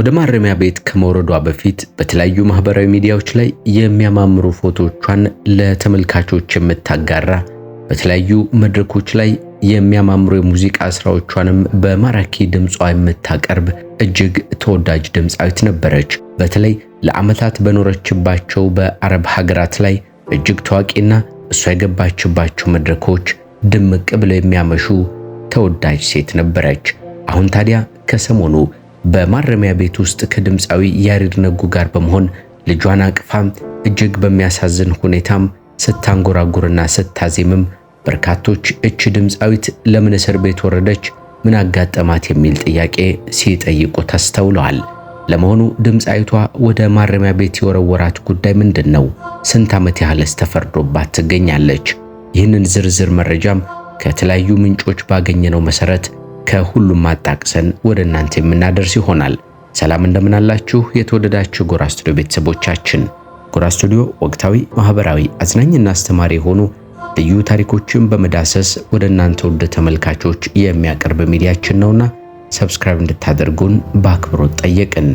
ወደ ማረሚያ ቤት ከመውረዷ በፊት በተለያዩ ማህበራዊ ሚዲያዎች ላይ የሚያማምሩ ፎቶዎቿን ለተመልካቾች የምታጋራ በተለያዩ መድረኮች ላይ የሚያማምሩ የሙዚቃ ስራዎቿንም በማራኪ ድምጿ የምታቀርብ እጅግ ተወዳጅ ድምፃዊት ነበረች። በተለይ ለዓመታት በኖረችባቸው በአረብ ሀገራት ላይ እጅግ ታዋቂና እሷ የገባችባቸው መድረኮች ድምቅ ብለው የሚያመሹ ተወዳጅ ሴት ነበረች። አሁን ታዲያ ከሰሞኑ በማረሚያ ቤት ውስጥ ከድምፃዊ ያሬድ ነጉ ጋር በመሆን ልጇን አቅፋ እጅግ በሚያሳዝን ሁኔታም ስታንጎራጉርና ስታዜምም በርካቶች እች ድምፃዊት ለምን እስር ቤት ወረደች? ምን አጋጠማት? የሚል ጥያቄ ሲጠይቁ ተስተውለዋል። ለመሆኑ ድምፃዊቷ ወደ ማረሚያ ቤት የወረወራት ጉዳይ ምንድን ነው? ስንት ዓመት ያህልስ ተፈርዶባት ትገኛለች? ይህንን ዝርዝር መረጃም ከተለያዩ ምንጮች ባገኘነው መሰረት ከሁሉም አጣቅሰን ወደ እናንተ የምናደርስ ይሆናል። ሰላም እንደምናላችሁ የተወደዳችሁ ጎራ ስቱዲዮ ቤተሰቦቻችን። ጎራ ስቱዲዮ ወቅታዊ፣ ማህበራዊ፣ አዝናኝና አስተማሪ የሆኑ ልዩ ታሪኮችን በመዳሰስ ወደ እናንተ ውድ ተመልካቾች የሚያቀርብ ሚዲያችን ነውና ሰብስክራይብ እንድታደርጉን በአክብሮት ጠየቅን።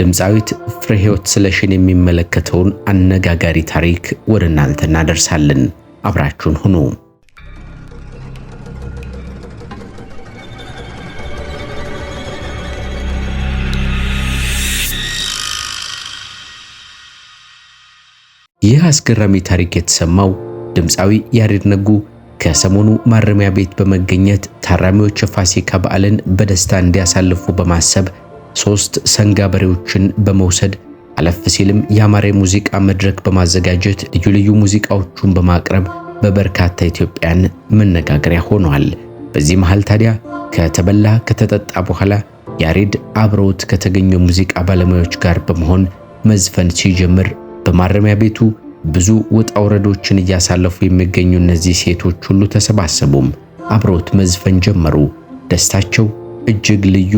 ድምፃዊት ፍሬህይወት ስለሽን የሚመለከተውን አነጋጋሪ ታሪክ ወደ እናንተ እናደርሳለን። አብራችሁን ሁኑ። ይህ አስገራሚ ታሪክ የተሰማው ድምፃዊ ያሬድ ነጉ ከሰሞኑ ማረሚያ ቤት በመገኘት ታራሚዎች የፋሲካ በዓልን በደስታ እንዲያሳልፉ በማሰብ ሶስት ሰንጋ በሬዎችን በመውሰድ አለፍ ሲልም የአማረ ሙዚቃ መድረክ በማዘጋጀት ልዩ ልዩ ሙዚቃዎቹን በማቅረብ በበርካታ ኢትዮጵያን መነጋገሪያ ሆኗል። በዚህ መሃል ታዲያ ከተበላ ከተጠጣ በኋላ ያሬድ አብረውት ከተገኙ የሙዚቃ ባለሙያዎች ጋር በመሆን መዝፈን ሲጀምር በማረሚያ ቤቱ ብዙ ውጣ ውረዶችን እያሳለፉ የሚገኙ እነዚህ ሴቶች ሁሉ ተሰባሰቡም፣ አብረውት መዝፈን ጀመሩ። ደስታቸው እጅግ ልዩ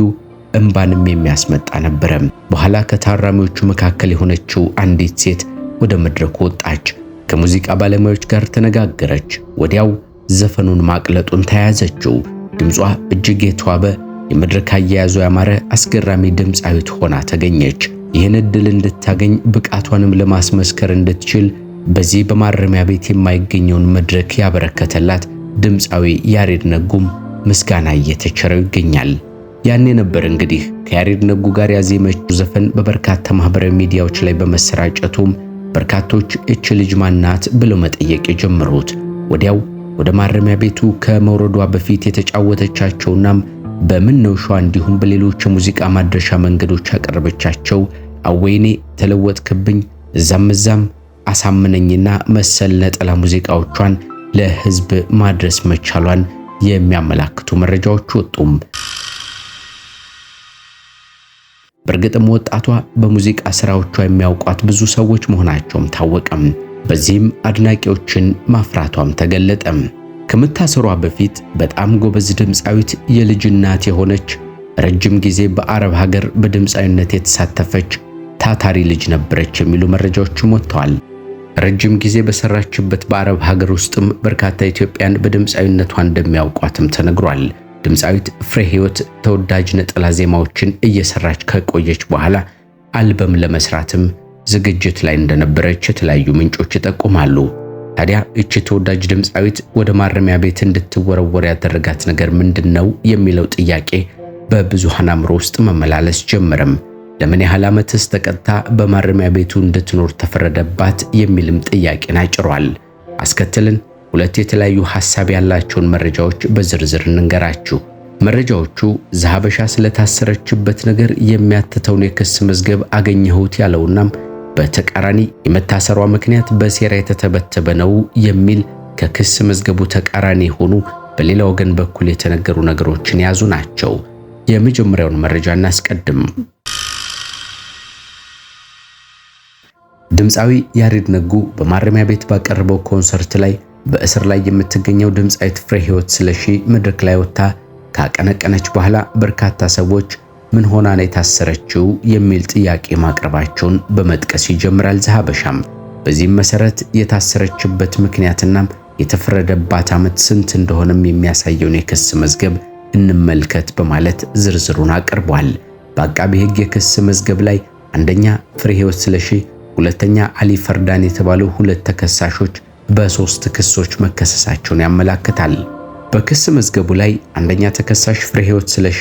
እንባንም የሚያስመጣ ነበረ። በኋላ ከታራሚዎቹ መካከል የሆነችው አንዲት ሴት ወደ መድረኩ ወጣች፣ ከሙዚቃ ባለሙያዎች ጋር ተነጋገረች። ወዲያው ዘፈኑን ማቅለጡን ተያያዘችው። ድምጿ እጅግ የተዋበ የመድረክ አያያዙ ያማረ አስገራሚ ድምፃዊት ሆና ተገኘች። ይህን እድል እንድታገኝ ብቃቷንም ለማስመስከር እንድትችል በዚህ በማረሚያ ቤት የማይገኘውን መድረክ ያበረከተላት ድምፃዊ ያሬድ ነጉም ምስጋና እየተቸረው ይገኛል። ያኔ ነበር እንግዲህ ከያሬድ ነጉ ጋር ያዜመችው ዘፈን በበርካታ ማህበራዊ ሚዲያዎች ላይ በመሰራጨቱም በርካቶች እች ልጅ ማናት ብለው መጠየቅ የጀመሩት። ወዲያው ወደ ማረሚያ ቤቱ ከመውረዷ በፊት የተጫወተቻቸውናም በምን ነው ሸዋ እንዲሁም በሌሎች የሙዚቃ ማድረሻ መንገዶች ያቀረበቻቸው አወይኔ ተለወጥክብኝ፣ እዛም እዛም አሳምነኝና መሰል ነጠላ ሙዚቃዎቿን ለህዝብ ማድረስ መቻሏን የሚያመላክቱ መረጃዎች ወጡም። በእርግጥም ወጣቷ በሙዚቃ ስራዎቿ የሚያውቋት ብዙ ሰዎች መሆናቸውም ታወቀም። በዚህም አድናቂዎችን ማፍራቷም ተገለጠም። ከመታሰሯ በፊት በጣም ጎበዝ ድምፃዊት የልጅ እናት የሆነች ረጅም ጊዜ በአረብ ሀገር በድምፃዊነት የተሳተፈች ታታሪ ልጅ ነበረች የሚሉ መረጃዎችም ወጥተዋል። ረጅም ጊዜ በሰራችበት በአረብ ሀገር ውስጥም በርካታ ኢትዮጵያን በድምፃዊነቷ እንደሚያውቋትም ተነግሯል። ድምፃዊት ፍሬ ህይወት ተወዳጅ ነጠላ ዜማዎችን እየሰራች ከቆየች በኋላ አልበም ለመስራትም ዝግጅት ላይ እንደነበረች የተለያዩ ምንጮች ይጠቁማሉ። ታዲያ እቺ ተወዳጅ ድምፃዊት ወደ ማረሚያ ቤት እንድትወረወር ያደረጋት ነገር ምንድን ነው የሚለው ጥያቄ በብዙሃን አእምሮ ውስጥ መመላለስ ጀመረም። ለምን ያህል ዓመትስ ተቀጥታ በማረሚያ ቤቱ እንድትኖር ተፈረደባት የሚልም ጥያቄን አጭሯል። አስከትልን ሁለት የተለያዩ ሐሳብ ያላቸውን መረጃዎች በዝርዝር እንንገራችሁ። መረጃዎቹ ዘሀበሻ ስለታሰረችበት ነገር የሚያትተውን የክስ መዝገብ አገኘሁት ያለውናም በተቃራኒ የመታሰሯ ምክንያት በሴራ የተተበተበ ነው የሚል ከክስ መዝገቡ ተቃራኒ የሆኑ በሌላ ወገን በኩል የተነገሩ ነገሮችን የያዙ ናቸው። የመጀመሪያውን መረጃ እናስቀድም። ድምፃዊ ያሬድ ነጉ በማረሚያ ቤት ባቀረበው ኮንሰርት ላይ በእስር ላይ የምትገኘው ድምፃዊት ፍሬ ህይወት ስለሺ መድረክ ላይ ወጥታ ካቀነቀነች በኋላ በርካታ ሰዎች ምን ሆና ነው የታሰረችው የሚል ጥያቄ ማቅረባቸውን በመጥቀስ ይጀምራል ዘሐበሻም። በዚህም መሰረት የታሰረችበት ምክንያትና የተፈረደባት ዓመት ስንት እንደሆነም የሚያሳየውን የክስ መዝገብ እንመልከት በማለት ዝርዝሩን አቅርቧል። በአቃቢ ህግ የክስ መዝገብ ላይ አንደኛ ፍሬ ህይወት ስለሺ ሁለተኛ አሊ ፈርዳን የተባሉ ሁለት ተከሳሾች በሶስት ክሶች መከሰሳቸውን ያመላክታል። በክስ መዝገቡ ላይ አንደኛ ተከሳሽ ፍሬህይወት ስለሺ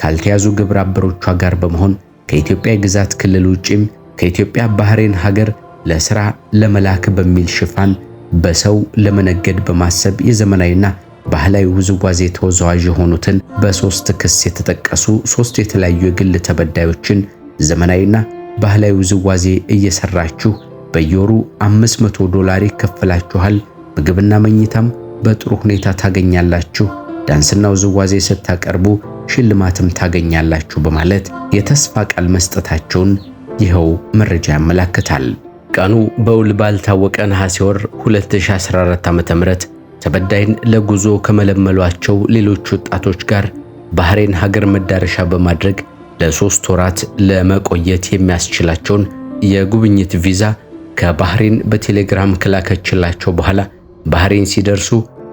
ካልተያዙ ግብረ አበሮቿ ጋር በመሆን ከኢትዮጵያ የግዛት ክልል ውጪም ከኢትዮጵያ ባህሬን ሀገር ለስራ ለመላክ በሚል ሽፋን በሰው ለመነገድ በማሰብ የዘመናዊና ባህላዊ ውዝዋዜ ተወዛዋዥ የሆኑትን በሶስት ክስ የተጠቀሱ ሶስት የተለያዩ የግል ተበዳዮችን ዘመናዊና ባህላዊ ውዝዋዜ እየሰራችሁ በየወሩ 500 ዶላር ይከፈላችኋል። ምግብና መኝታም በጥሩ ሁኔታ ታገኛላችሁ። ዳንስና ውዝዋዜ ስታቀርቡ ሽልማትም ታገኛላችሁ በማለት የተስፋ ቃል መስጠታቸውን ይኸው መረጃ ያመላክታል። ቀኑ በውል ባልታወቀ ነሐሴ ወር 2014 ዓ.ም ተበዳይን ለጉዞ ከመለመሏቸው ሌሎች ወጣቶች ጋር ባህሬን ሀገር መዳረሻ በማድረግ ለሶስት ወራት ለመቆየት የሚያስችላቸውን የጉብኝት ቪዛ ከባህሬን በቴሌግራም ከላከችላቸው በኋላ ባህሬን ሲደርሱ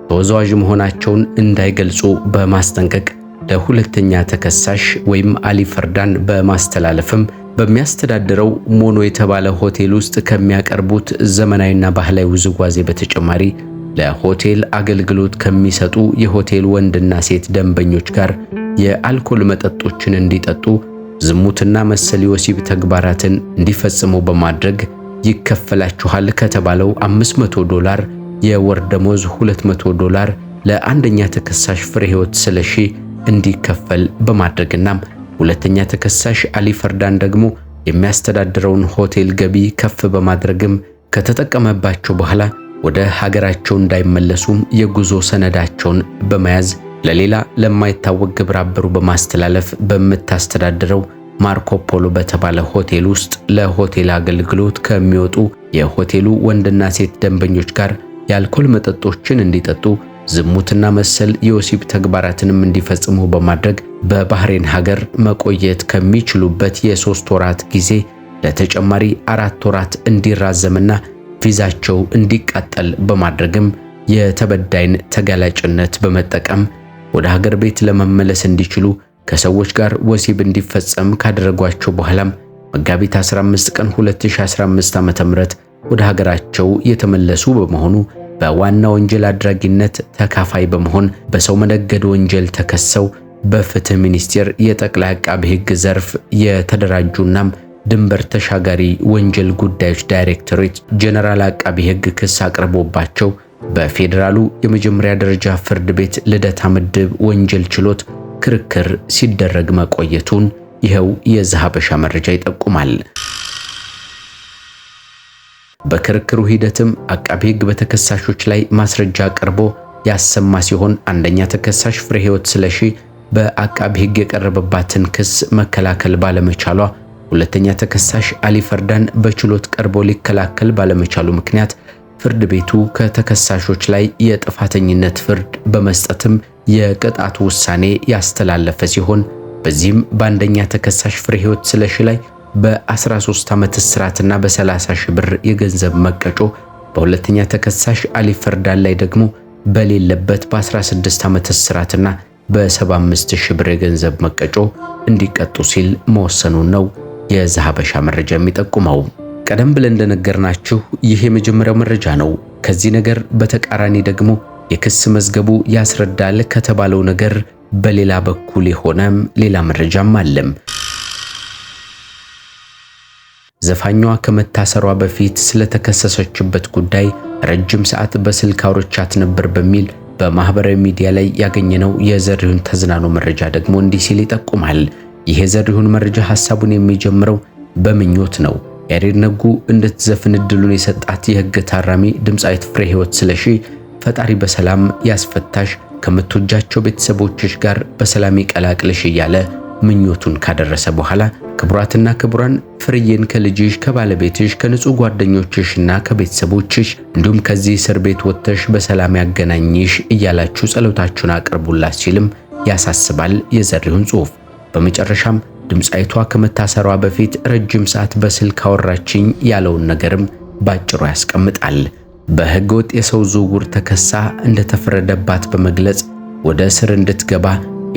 ተወዛዋዥ መሆናቸውን እንዳይገልጹ በማስጠንቀቅ ለሁለተኛ ተከሳሽ ወይም አሊ ፈርዳን በማስተላለፍም በሚያስተዳድረው ሞኖ የተባለ ሆቴል ውስጥ ከሚያቀርቡት ዘመናዊና ባህላዊ ውዝዋዜ በተጨማሪ ለሆቴል አገልግሎት ከሚሰጡ የሆቴል ወንድና ሴት ደንበኞች ጋር የአልኮል መጠጦችን እንዲጠጡ፣ ዝሙትና መሰል የወሲብ ተግባራትን እንዲፈጽሙ በማድረግ ይከፈላችኋል ከተባለው 500 ዶላር የወር ደሞዝ 200 ዶላር ለአንደኛ ተከሳሽ ፍሬ ህይወት ስለሺ እንዲከፈል በማድረግና ሁለተኛ ተከሳሽ አሊ ፈርዳን ደግሞ የሚያስተዳድረውን ሆቴል ገቢ ከፍ በማድረግም ከተጠቀመባቸው በኋላ ወደ ሀገራቸው እንዳይመለሱም የጉዞ ሰነዳቸውን በመያዝ ለሌላ ለማይታወቅ ግብረ አበሩ በማስተላለፍ በምታስተዳድረው ማርኮ ፖሎ በተባለ ሆቴል ውስጥ ለሆቴል አገልግሎት ከሚወጡ የሆቴሉ ወንድና ሴት ደንበኞች ጋር የአልኮል መጠጦችን እንዲጠጡ ዝሙትና መሰል የወሲብ ተግባራትንም እንዲፈጽሙ በማድረግ በባህሬን ሀገር መቆየት ከሚችሉበት የሶስት ወራት ጊዜ ለተጨማሪ አራት ወራት እንዲራዘምና ቪዛቸው እንዲቃጠል በማድረግም የተበዳይን ተጋላጭነት በመጠቀም ወደ ሀገር ቤት ለመመለስ እንዲችሉ ከሰዎች ጋር ወሲብ እንዲፈጸም ካደረጓቸው በኋላም መጋቢት 15 ቀን 2015 ዓ.ም ወደ ሀገራቸው የተመለሱ በመሆኑ በዋና ወንጀል አድራጊነት ተካፋይ በመሆን በሰው መነገድ ወንጀል ተከሰው በፍትህ ሚኒስቴር የጠቅላይ አቃቢ ሕግ ዘርፍ የተደራጁናም ድንበር ተሻጋሪ ወንጀል ጉዳዮች ዳይሬክቶሬት ጀነራል አቃቢ ሕግ ክስ አቅርቦባቸው በፌዴራሉ የመጀመሪያ ደረጃ ፍርድ ቤት ልደታ ምድብ ወንጀል ችሎት ክርክር ሲደረግ መቆየቱን ይኸው የዘሐበሻ መረጃ ይጠቁማል። በክርክሩ ሂደትም አቃቢ ሕግ በተከሳሾች ላይ ማስረጃ ቀርቦ ያሰማ ሲሆን አንደኛ ተከሳሽ ፍሬ ሕይወት ስለሺ በአቃቢ ሕግ የቀረበባትን ክስ መከላከል ባለመቻሏ፣ ሁለተኛ ተከሳሽ አሊ ፈርዳን በችሎት ቀርቦ ሊከላከል ባለመቻሉ ምክንያት ፍርድ ቤቱ ከተከሳሾች ላይ የጥፋተኝነት ፍርድ በመስጠትም የቅጣት ውሳኔ ያስተላለፈ ሲሆን በዚህም በአንደኛ ተከሳሽ ፍሬሕይወት ስለሺ ላይ በ13 ዓመት እስራትና በ30 ሺህ ብር የገንዘብ መቀጮ፣ በሁለተኛ ተከሳሽ አሊ ፈርዳን ላይ ደግሞ በሌለበት በ16 ዓመት እስራትና በ75 ሺህ ብር የገንዘብ መቀጮ እንዲቀጡ ሲል መወሰኑን ነው የዘሐበሻ መረጃ የሚጠቁመው። ቀደም ብለን እንደነገርናችሁ ይህ የመጀመሪያው መረጃ ነው። ከዚህ ነገር በተቃራኒ ደግሞ የክስ መዝገቡ ያስረዳል ከተባለው ነገር በሌላ በኩል የሆነም ሌላ መረጃም አለም። ዘፋኛዋ ከመታሰሯ በፊት ስለተከሰሰችበት ጉዳይ ረጅም ሰዓት በስልክ አውርቻት ነበር በሚል በማህበራዊ ሚዲያ ላይ ያገኘነው የዘሪሁን ተዝናኖ መረጃ ደግሞ እንዲህ ሲል ይጠቁማል። ይህ የዘሪሁን መረጃ ሐሳቡን የሚጀምረው በምኞት ነው። ያሬድ ነጉ እንድትዘፍን እድሉን የሰጣት የህግ ታራሚ ድምፃዊት ፍሬ ህይወት ስለሺ ፈጣሪ በሰላም ያስፈታሽ ከምትወጃቸው ቤተሰቦችሽ ጋር በሰላም ይቀላቅልሽ እያለ ምኞቱን ካደረሰ በኋላ ክቡራትና ክቡራን ፍርዬን ከልጅሽ ከባለቤትሽ ከንጹህ ጓደኞችሽና ከቤተሰቦችሽ እንዲሁም ከዚህ እስር ቤት ወጥተሽ በሰላም ያገናኝሽ እያላችሁ ጸሎታችሁን አቅርቡላት ሲልም ያሳስባል የዘሪሁን ጽሑፍ። በመጨረሻም ድምፃይቷ ከመታሰሯ በፊት ረጅም ሰዓት በስልክ አወራችኝ ያለውን ነገርም ባጭሩ ያስቀምጣል። በህገወጥ የሰው ዝውውር ተከሳ እንደተፈረደባት በመግለጽ ወደ እስር እንድትገባ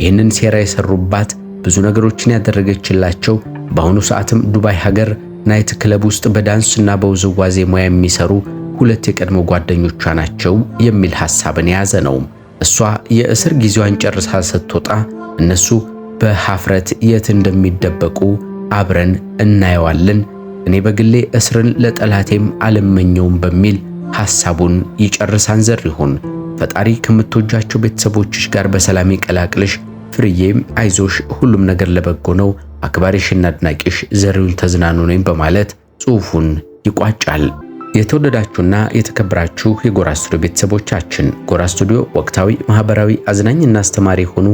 ይህንን ሴራ የሰሩባት ብዙ ነገሮችን ያደረገችላቸው በአሁኑ ሰዓትም ዱባይ ሀገር ናይት ክለብ ውስጥ በዳንስና በውዝዋዜ ሙያ የሚሰሩ ሁለት የቀድሞ ጓደኞቿ ናቸው የሚል ሐሳብን የያዘ ነው። እሷ የእስር ጊዜዋን ጨርሳ ስትወጣ እነሱ በሐፍረት የት እንደሚደበቁ አብረን እናየዋለን። እኔ በግሌ እስርን ለጠላቴም አልመኘውም በሚል ሐሳቡን ይጨርሳን ይሁን። ፈጣሪ ከምትወጃቸው ቤተሰቦችሽ ጋር በሰላም ይቀላቅልሽ። ፍርዬም አይዞሽ፣ ሁሉም ነገር ለበጎ ነው። አክባሪሽና አድናቂሽ ዘሪሁን ተዝናኑ ነኝ በማለት ጽሑፉን ይቋጫል። የተወደዳችሁና የተከበራችሁ የጎራ ስቱዲዮ ቤተሰቦቻችን ጎራ ስቱዲዮ ወቅታዊ፣ ማህበራዊ፣ አዝናኝና አስተማሪ የሆኑ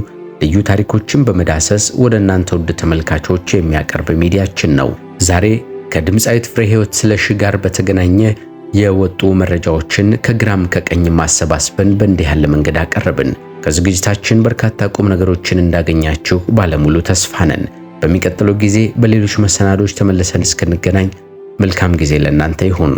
ልዩ ታሪኮችን በመዳሰስ ወደ እናንተ ውድ ተመልካቾች የሚያቀርብ ሚዲያችን ነው። ዛሬ ከድምፃዊት ፍሬ ሕይወት ስለሺ ጋር በተገናኘ የወጡ መረጃዎችን ከግራም ከቀኝ ማሰባስበን በእንዲህ ያለ መንገድ አቀረብን። ከዝግጅታችን በርካታ ቁም ነገሮችን እንዳገኛችሁ ባለሙሉ ተስፋ ነን። በሚቀጥለው ጊዜ በሌሎች መሰናዶች ተመልሰን እስክንገናኝ መልካም ጊዜ ለእናንተ ይሁን።